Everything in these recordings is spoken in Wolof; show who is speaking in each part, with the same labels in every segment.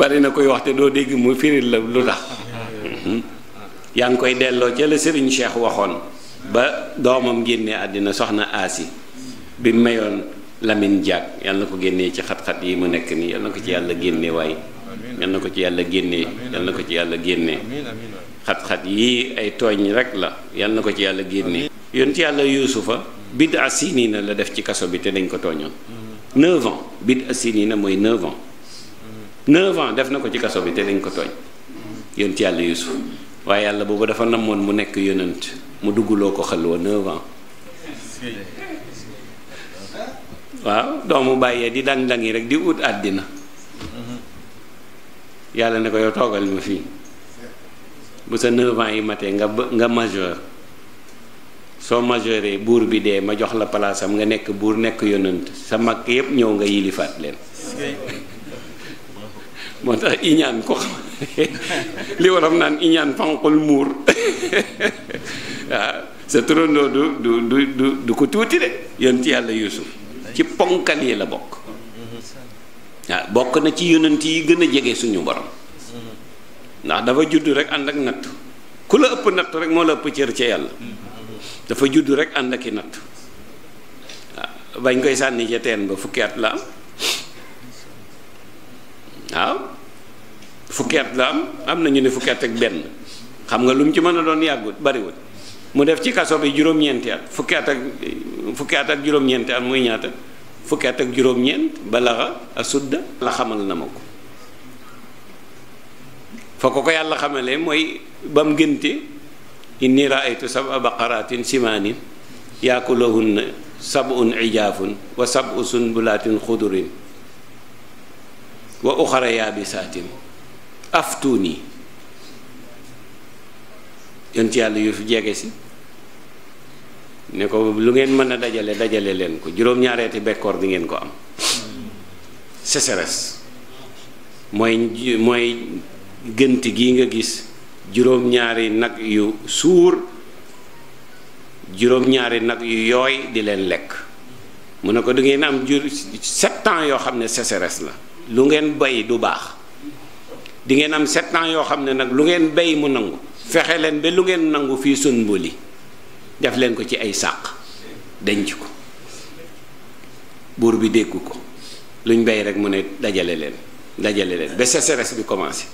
Speaker 1: bari na koy wax te doo dégg mu firil la lu tax yaa ngi koy delloo ca la Serigne Cheikh waxoon ba doomam génne àddina soxna Asi bi mayoon Lamine Diack yal na ko génnee ci xat-xat yi mu nekk nii yal na ko ci yàlla génne waaye yal na ko ci yàlla génnee yal na ko ci yàlla génnee xat-xat yii ay tooñ rek la yal na ko ci yàlla génnee ci yàlla yuusufa bid asini na la def ci kaso bi te dañ ko tooñoon 9 ans bid asini na mooy 9 9 def na ko ci kaso bi te dañ ko tooñ ci yàlla Yuusuf waaye yàlla boobu dafa namoon mu nekk yonent mu dugguloo ko xalwa 9 ans waaw doomu bàyyee di dang dang rek di ut àddina yàlla ne ko yow toogal ma fii bu sa 9 yi matee nga nga majeur soo majeuree buur bi dee ma jox la palaasam nga nekk buur nekk yonent sa mag yépp ñëw nga yilifaat leen moo tax iñaan ko xam li waram naan iñaan fanqul muur waaw sa turandoo du du du du du ko tuuti de yonent yàlla yusuf ci ponkal yi la bokk waaw bokk na ci yonent yi gën a jege suñu borom ndax dafa juddu rek ànd ak natt ku la ëpp natt rek moo la ëpp cër ca yàlla dafa juddu rek ànd ak i natt waaw bañ koy sànni ca teen ba fukki at la am waaw fukki at la am am na ñu ne fukki at ak benn xam nga lu mu ci mën a doon yàggut bariwul mu def ci kaso bi juróom-ñeenti at fukki at ak juróom-ñeenti at muy ñaata fukki at ak juróom-ñeent balaxa asudda la xamal na ma ko fa ko yàlla xamale mooy ba mu gënte inni raaytu sab'a baqaratin simaanin yaakulahunna sab'un ijaafun wa sab'u sunbulaatin xudurin wa uxara yaabisaatin aftuuni yonent yàlla yu fi jege si ne ko lu ngeen mën a dajale dajale leen ko juróom-ñaareeti bekkoor di ngeen ko am sécheresse mooy mooy gënt gi nga gis juróom-ñaari nag yu suur juróom-ñaari nag yu yooy di leen lekk mu ne ko da ngeen am jur sept yoo xam ne sécheresse la lu ngeen bay du baax dingeen am sept ans yoo xam ne nag lu ngeen bay mu nangu fexe leen ba lu ngeen nangu fii sun mboli def leen ko ci ay sàq denc ko buur bi dégg ko luñ bay rek mu ne dajale leen dajale leen ba sécheresse bi commencé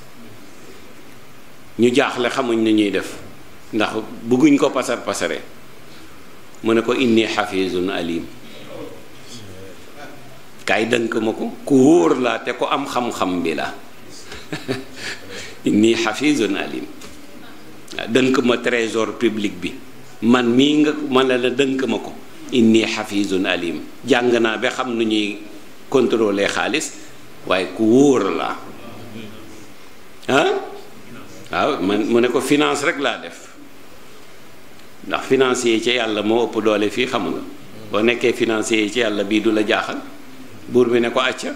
Speaker 1: ñu jaaxle xamuñ ni ñuy def ndax bëgguñ ko pasar pasare mu ne ko inni xafisun alim kaay dënk ma ko ku wóor laa te ko am xam-xam bi la nii xafizun alim dënk ma trésor public bi man mii nga man la dënk ma ko nii xafizun alim jàng naa bi xam nu ñuy contrôler xaalis waaye ku wóor laa ah waaw man mu ne ko finance rek laa def ndax financier ci yàlla moo ëpp doole fii xam nga boo nekkee financier ci yàlla bii du la jaaxal buur bi ne ko acca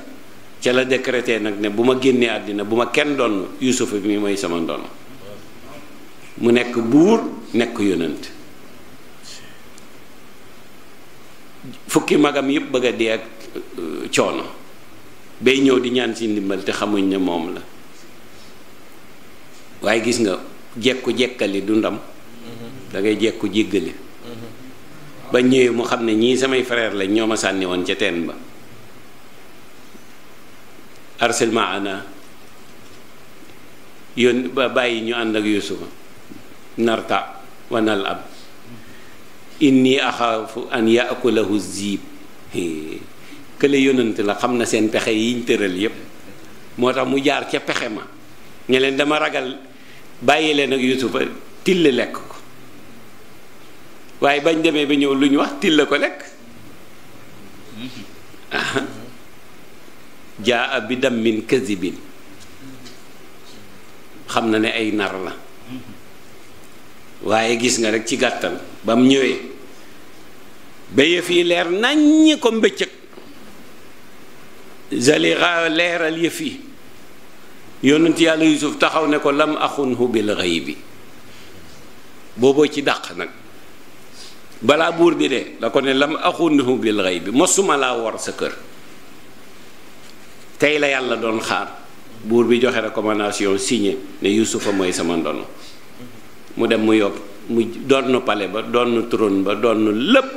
Speaker 1: ca la décrété nag ne bu ma génnee àddina bu ma kenn doon yuusufa bi mooy sama ndono mu nekk buur nekk yonent fukki magam yëpp bëgg a dee ak euh, coono bay ñëw di ñaan si ndimbal te xamuñ ne moom la waaye gis nga jekku jekkali du ndam dangay ngay jekku jéggali mm-hmm. ba ñëwee mu xam ne ñii samay frère lañ ñoo ma sànni woon ca teen ba arsil maana yoon ba bàyyi ñu ànd ak yuusufa narta wanal ab inni axaafu an yaakulahu ziib kële yonant la xam na seen pexe yiñ tëral yépp moo tax mu jaar ca pexe ma ne leen dama ragal bàyyi leen ak yuusufa till lekk ko waaye bañ demee ba ñëw lu ñu wax till ko lekk mm-hmm. jaa bi dammin kazibin xam na ne ay nar la waaye gis nga rek ci gàttal ba mu ñëwee ba yëf leer naññ ko mbëccëg zalixa leeral yëf yi yonent yàlla yusuf taxaw ne ko lam axunhu bil ghaybi booboo ci dàq nag balaa buur bi dee la ko ne lam axunhu bil ghaybi mosuma laa wor sa kër tey la yàlla doon xaar buur bi joxe recommandation signé ne Yuusufa mooy sama ndono mu dem mu yopp mu doon pale ba doon trône ba doon lépp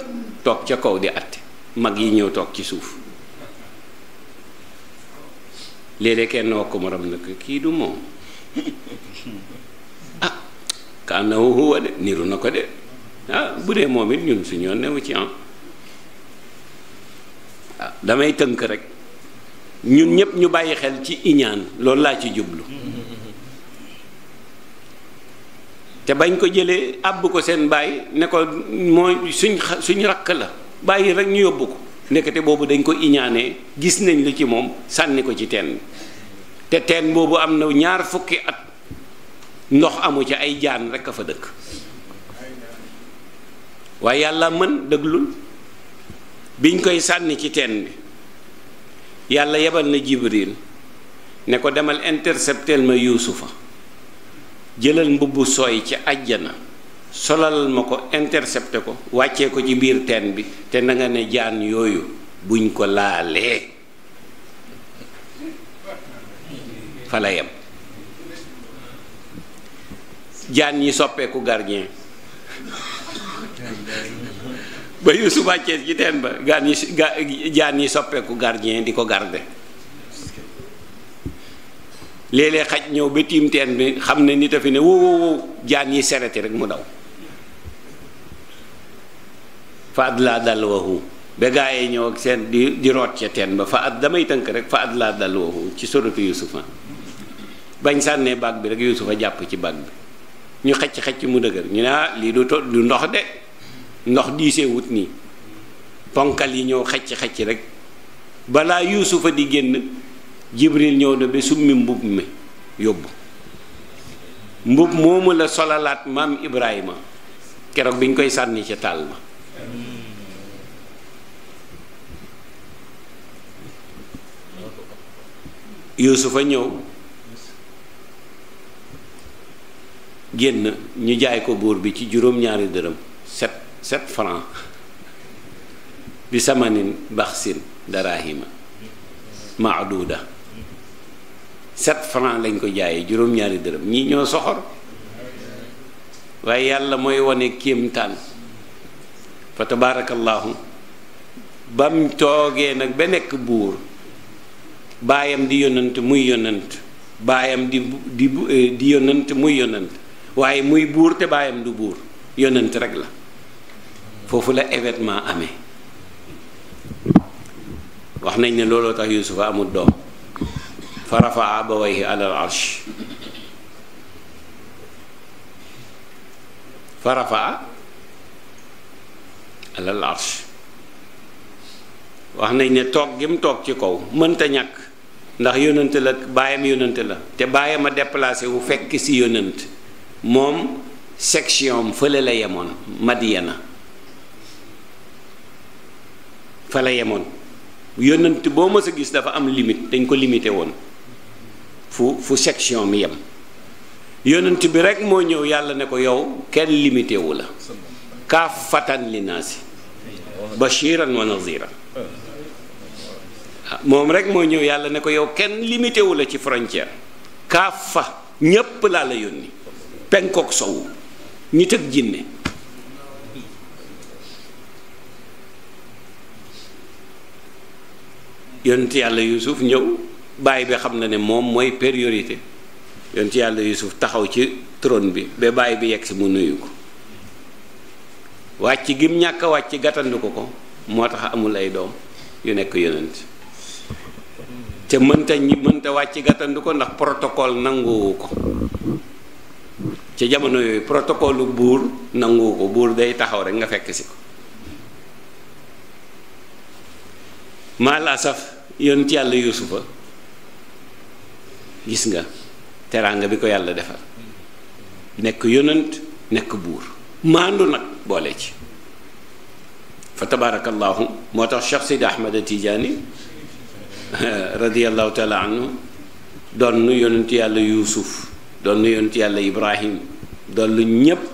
Speaker 1: toog ca kaw di àtte mag yi ñëw toog ci suuf léeg-léeg kenn wax ko morom nag kii du moom ah kaanahu huwa de niru na ko de ah bu dee moom it ñun suñoo new ci ah. ah damay tënk rek ñun ñépp ñu bàyyi xel ci iñaan loolu laa ci jublu te bañ ko jëlee àbb ko seen baay ne ko mooy suñ suñ rakk la bàyyi rek ñu yóbbu ko ndekete boobu dañ ko iñaanee gis nañ lu ci moom sànni ko ci teen te teen boobu am na ñaar fukki at ndox amu ca ay jaan rekk a fa dëkk waaye yàlla mën dëglul biñ koy sànni ci teen bi yàlla yebal na jibril ne ko demal interceptel ma yuusufa jëlal mbubb sooy ci àjjana solal ma ko intercepté ko wàccee ko ci biir teen bi te nanga ne jaan yooyu buñ ko laalee fa la jaan yi soppeeku gardien ba Yuusu wàccee ci teen ba gaan yi ga jaan yi soppeeku gardien di ko garde léeg xaj ñëw ba tiim teen bi xam ne nit a fi ne wow wow jaan yi sereti rek mu daw fa at laa dal waxu ba gaa ñëw ak seen di di root ca teen ba fa at damay tënk rek fa at laa dal waxu ci suratu Yuusufa bañ sànnee baag bi rek Yuusufa jàpp ci baag bi ñu xëcc xëcc mu dëgër ñu ne ah lii du to du ndox de ndox diise wut nii ponkal yi ñëw xecc xecc rekk balaa yuusufa di génn jibril ñëw na ba summi mbubb mi yóbbu mbub moomu la solalaat maam ibrahima keroog bi biñ koy sànni ca taal ma yuusufa ñëw génn ñu jaay ko buur bi ci juróom-ñaari dërëm set sept francs bi sama samanin baxsin darahima maaduda set francs lañ ko jaaye juróom-ñaari dërëm ñii ñoo soxor waaye yàlla mooy wane kéemtaan fa tabaarakallaahu bam toogee nag ba nekk buur baayam di yonant muy yonant baayam di di eh, di yonant muy yonant waaye muy buur te baayam du buur yonant rek la foofu la événement amee wax nañ ne looloo tax yuusufa amul doom fa rafaa abawayhi alal arsh fa rafaa alal arsh wax nañ ne toog gi mu toog ci kaw mënta ñàkk ndax yónnante la baayam yónnante la te baayam a déplacé wu fekk si yónnant moom section fële la yemoon Madiyana fa la yemoon yónnent boo mës a gis dafa am limite dañ ko limité woon fu fu section mi yem yónnent bi rek moo ñëw yàlla ne ko yow kenn limité wu la kaafatan li naasi bashiran wa ah, rek moo ñëw yàlla ne ko yow kenn limité wu la ci frontière kaaf fa ñépp laa la yónni penkook sowu nit ak jinne yonent yàlla yusuf ñëw baay bi xam na ne moom mooy priorité yonent yàlla yusuf taxaw ci trône bi ba baay bi yegg si mu nuyu ko wàcc gim ñàkk wàcc gàttandu ko ko moo tax amul ay doom yu nekk yonent te mënta ñi mënta wàcc gàttandu ko ndax protocole nanguwu ko ca jamono yooyu protocole lu buur nanguwu ko buur day taxaw rek nga fekk si ko maal asaf yonent yàlla yuusufa gis nga teraanga bi ko yàlla defar nekk yonent nekk buur maandu nag boole ci fa tabaarakallaahu moo tax Cheikh Sidi Ahmad Tijaani radiyallahu taala anhu doon nu yonent yàlla yuusuf doon nu yonent yàlla ibrahim doon ñépp